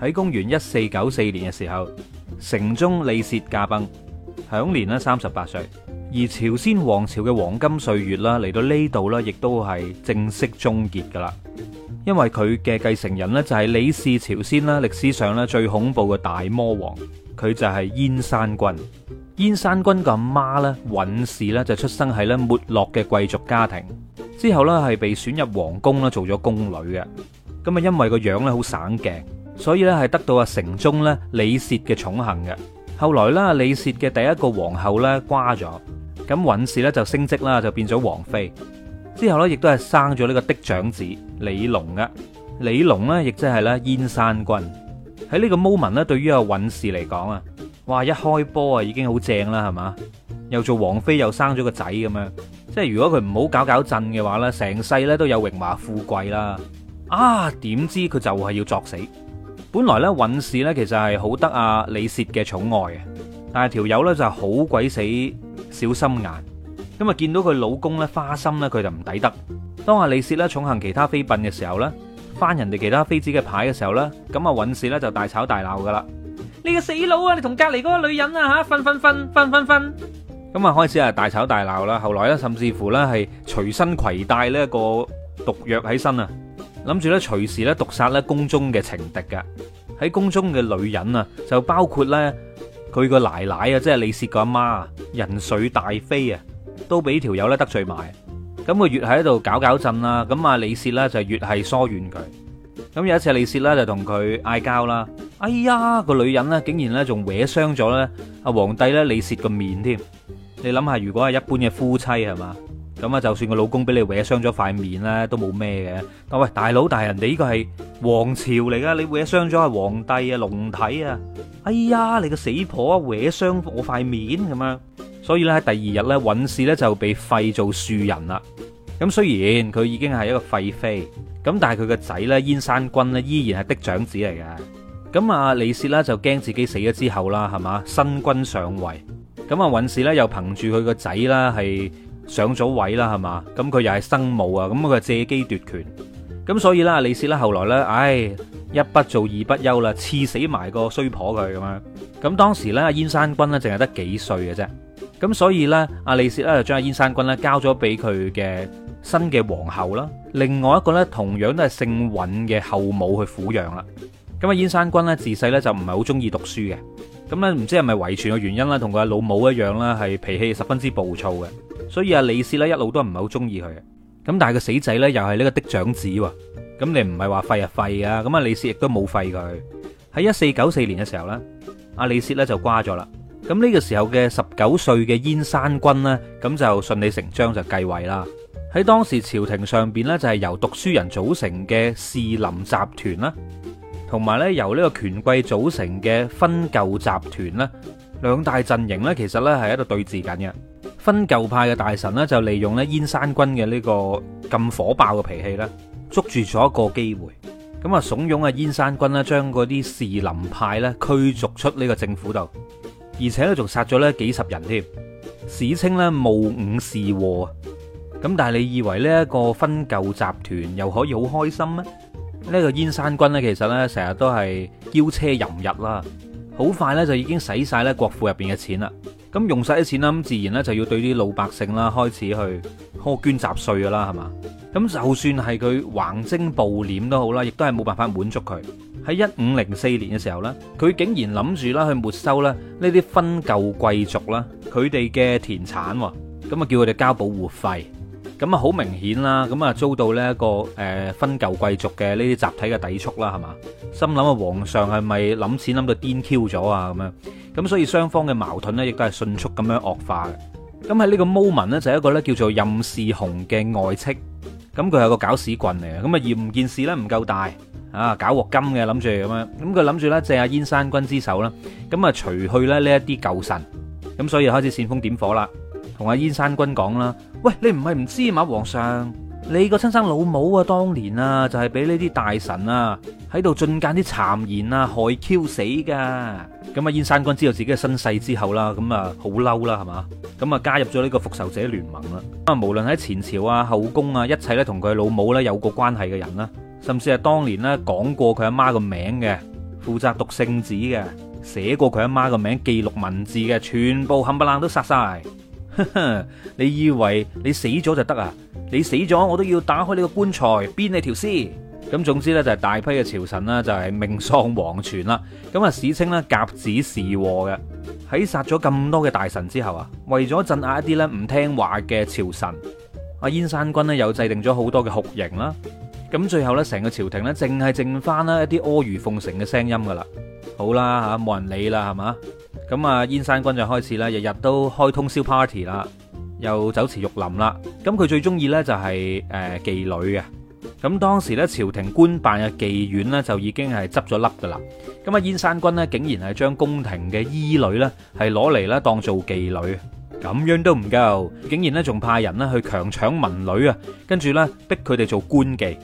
喺公元一四九四年嘅時候，成宗李涉駕崩，享年咧三十八歲。而朝鮮王朝嘅黃金歲月啦，嚟到呢度咧，亦都係正式終結噶啦。因為佢嘅繼承人咧就係李氏朝鮮啦，歷史上啦最恐怖嘅大魔王，佢就係燕山君。燕山君個媽咧尹氏咧就出生喺咧沒落嘅貴族家庭，之後咧係被選入皇宮啦，做咗宮女嘅。咁啊，因為個樣咧好省鏡。.所以咧係得到阿成宗咧李涉嘅寵幸嘅，後來咧李涉嘅第一個皇后咧瓜咗，咁尹氏咧就升職啦，就變咗皇妃。之後咧亦都係生咗呢個嫡長子李隆嘅。李隆咧亦即係咧燕山君。喺呢個 moment 咧，對於阿尹氏嚟講啊，哇一開波啊已經好正啦係嘛，又做皇妃又生咗個仔咁樣，即係如果佢唔好搞搞震嘅話咧，成世咧都有榮華富貴啦。啊點知佢就係要作死。本來咧，尹氏咧其實係好得阿、啊、李涉嘅寵愛，但係條友咧就是、好鬼死小心眼，咁啊見到佢老公咧花心咧佢就唔抵得。當阿、啊、李涉咧寵幸其他妃嬪嘅時候咧，翻人哋其他妃子嘅牌嘅時候咧，咁啊尹氏咧就大吵大鬧噶啦。你個死佬啊！你同隔籬嗰個女人啊，吓，瞓瞓瞓瞓瞓瞓。咁啊開始啊大吵大鬧啦，後來咧甚至乎咧係隨身攜帶呢一個毒藥喺身啊。諗住咧隨時咧毒殺咧宮中嘅情敵嘅，喺宮中嘅女人啊，就包括咧佢個奶奶啊，即係李涉個阿媽啊，仁粹大妃啊，都俾條友咧得罪埋。咁佢越喺度搞搞震啦，咁啊李涉咧就越係疏遠佢。咁有一次李涉咧就同佢嗌交啦，哎呀個女人呢竟然咧仲搲傷咗咧，阿皇帝咧李涉個面添。你諗下如果係一般嘅夫妻係嘛？咁啊，就算個老公俾你搲傷咗塊面咧，都冇咩嘅。但喂，大佬，大人哋呢個係皇朝嚟噶，你搲傷咗係皇帝啊、龍體啊。哎呀，你個死婆搲傷我塊面咁樣，所以咧第二日咧，允氏咧就被廢做庶人啦。咁雖然佢已經係一個廢妃，咁但係佢個仔咧，燕山君呢依然係嫡長子嚟嘅。咁啊，李娎呢就驚自己死咗之後啦，係嘛新君上位。咁啊，允氏呢又憑住佢個仔啦係。上咗位啦，係嘛？咁佢又係生母啊，咁佢借機奪權，咁所以啦，李涉呢，後來呢，唉、哎，一不做二不休啦，刺死埋個衰婆佢咁樣。咁當時咧，燕山君呢，淨係得幾歲嘅啫，咁所以呢，阿李涉呢，就將阿燕山君咧交咗俾佢嘅新嘅皇后啦，另外一個呢，同樣都係姓尹嘅後母去撫養啦。咁阿燕山君呢，自細呢，就唔係好中意讀書嘅，咁咧唔知係咪遺傳嘅原因啦，同佢阿老母一樣啦，係脾氣十分之暴躁嘅。所以阿李氏咧一路都唔係好中意佢，咁但係個死仔咧又係呢個嫡長子喎，咁你唔係話廢啊廢啊，咁阿李氏亦都冇廢佢。喺一四九四年嘅時候咧，阿李氏咧就瓜咗啦。咁、這、呢個時候嘅十九歲嘅燕山君呢，咁就順理成章就繼位啦。喺當時朝廷上邊呢，就係由讀書人組成嘅士林集團啦，同埋咧由呢個權貴組成嘅勳舊集團啦。兩大陣營呢，其實呢係喺度對峙緊嘅。分舊派嘅大臣呢，就利用咧燕山君嘅呢個咁火爆嘅脾氣咧，捉住咗一個機會，咁啊慫恿啊燕山君呢，將嗰啲士林派呢驅逐出呢個政府度，而且呢，仲殺咗呢幾十人添，史稱呢戊午士禍。咁但係你以為呢一個分舊集團又可以好開心咩？呢、這個燕山君呢，其實呢，成日都係驕奢淫逸啦，好快呢，就已經使晒呢國庫入邊嘅錢啦。咁用晒啲錢啦，咁自然咧就要對啲老百姓啦開始去苛捐雜稅噶啦，係嘛？咁就算係佢橫徵暴斂都好啦，亦都係冇辦法滿足佢。喺一五零四年嘅時候咧，佢竟然諗住啦去沒收咧呢啲分舊貴族啦佢哋嘅田產，咁啊叫佢哋交保護費。咁啊，好、嗯、明顯啦，咁啊遭到呢一個分舊貴族嘅呢啲集體嘅抵觸啦，係嘛？心諗啊，皇上係咪諗錢諗到癲 Q 咗啊？咁、嗯、樣，咁所以雙方嘅矛盾呢亦都係迅速咁樣惡化嘅。咁喺呢個 moment 呢，就一個呢叫做任士雄嘅外戚，咁佢係個搞屎棍嚟嘅，咁啊嫌件事呢唔夠大啊，搞鑊金嘅諗住咁樣，咁佢諗住呢借阿燕山君之手啦，咁、嗯、啊、嗯、除去咧呢一啲舊臣，咁、嗯、所以開始煽風點火啦。同阿燕山君講啦，喂，你唔係唔知嘛，皇上，你個親生老母啊，當年啊，就係俾呢啲大臣啊喺度進諫啲讒言啊，害 Q 死噶。咁阿燕山君知道自己嘅身世之後啦，咁啊好嬲啦，係嘛？咁啊加入咗呢個復仇者聯盟啦。咁啊，無論喺前朝啊、後宮啊，一切咧同佢老母咧有過關係嘅人啦，甚至係當年咧講過佢阿媽個名嘅，負責讀聖旨嘅，寫過佢阿媽個名記錄文字嘅，全部冚唪冷都殺晒。呵呵， 你以為你死咗就得啊？你死咗，我都要打開你個棺材，鞭你條屍。咁總之呢，就係大批嘅朝臣呢，就係命喪黃泉啦。咁啊史稱呢，甲子士禍嘅，喺殺咗咁多嘅大臣之後啊，為咗鎮壓一啲呢唔聽話嘅朝臣，阿燕山君呢，又制定咗好多嘅酷刑啦。咁最後呢，成個朝廷呢，淨係剩翻啦一啲阿諛奉承嘅聲音噶啦。好啦吓，冇人理啦，係嘛？咁啊，燕山君就開始咧，日日都開通宵 party 啦，又酒池肉林啦。咁佢最中意呢，就係、是、誒、呃、妓女嘅。咁當時呢，朝廷官辦嘅妓院呢，就已經係執咗笠噶啦。咁啊燕山君呢，竟然係將宮廷嘅醫女呢，係攞嚟呢當做妓女，咁樣都唔夠，竟然呢，仲派人呢去強搶民女啊，跟住呢，逼佢哋做官妓，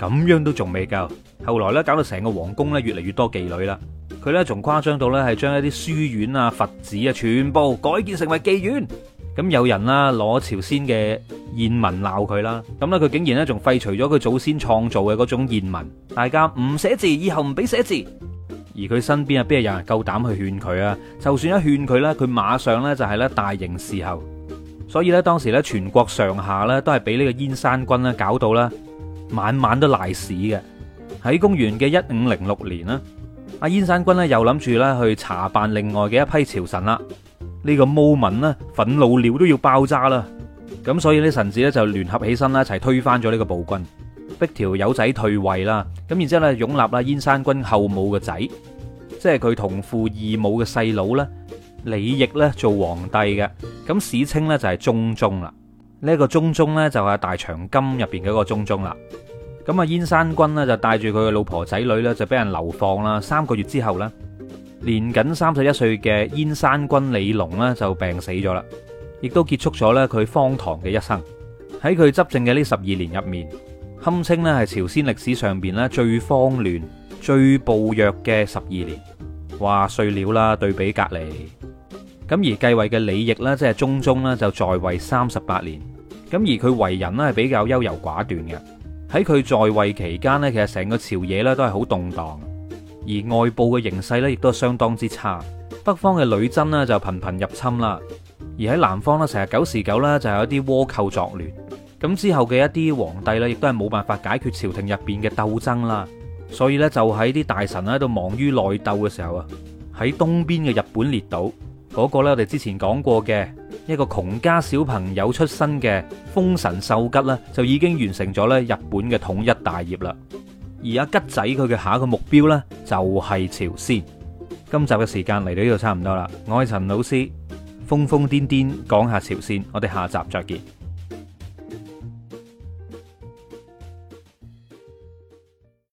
咁樣都仲未夠，後來呢，搞到成個皇宮呢，越嚟越多妓女啦。佢咧仲誇張到呢，係將一啲書院啊、佛寺啊全部改建成為妓院。咁有人啦攞朝鮮嘅燕文鬧佢啦。咁呢，佢竟然呢仲廢除咗佢祖先創造嘅嗰種燕文。大家唔寫字，以後唔俾寫字。而佢身邊啊邊有人夠膽去勸佢啊？就算一勸佢呢，佢馬上呢就係咧大刑伺候。所以呢，當時呢全國上下呢都係俾呢個燕山君呢搞到啦晚晚都賴屎嘅。喺公元嘅一五零六年呢。阿燕山君咧又諗住咧去查辦另外嘅一批朝臣啦，呢、這個毛民啦，憤怒咧都要爆炸啦，咁所以呢，臣子咧就聯合起身啦，一齊推翻咗呢個暴君，逼條友仔退位啦，咁然之後咧擁立啦燕山君後母嘅仔，即係佢同父異母嘅細佬咧，李懌咧做皇帝嘅，咁史稱咧就係中宗啦，呢、這個中宗咧就係大長今入邊嘅一個中宗啦。咁啊，燕山君呢，就帶住佢嘅老婆仔女咧就俾人流放啦。三個月之後呢，年僅三十一歲嘅燕山君李隆呢，就病死咗啦，亦都結束咗咧佢荒唐嘅一生。喺佢執政嘅呢十二年入面，堪稱咧係朝鮮歷史上邊咧最慌亂、最暴虐嘅十二年。話碎料啦，對比隔籬。咁而繼位嘅李煜呢，即係中宗呢，就在位三十八年。咁而佢為人呢，係比較優柔寡斷嘅。喺佢在，在位期間呢，其實成個朝野咧都係好動盪，而外部嘅形勢咧亦都相當之差。北方嘅女真呢就頻頻入侵啦，而喺南方呢，成日九時九呢就有一啲倭寇作亂。咁之後嘅一啲皇帝呢，亦都係冇辦法解決朝廷入邊嘅鬥爭啦，所以呢，就喺啲大臣喺度忙於內鬥嘅時候啊，喺東邊嘅日本列島嗰、嗰個咧我哋之前講過嘅。一個窮家小朋友出身嘅豐臣秀吉咧，就已經完成咗咧日本嘅統一大業啦。而阿吉仔佢嘅下一個目標呢，就係朝鮮。今集嘅時間嚟到呢度差唔多啦。我係陳老師，瘋瘋癲癲講下朝鮮，我哋下集再見。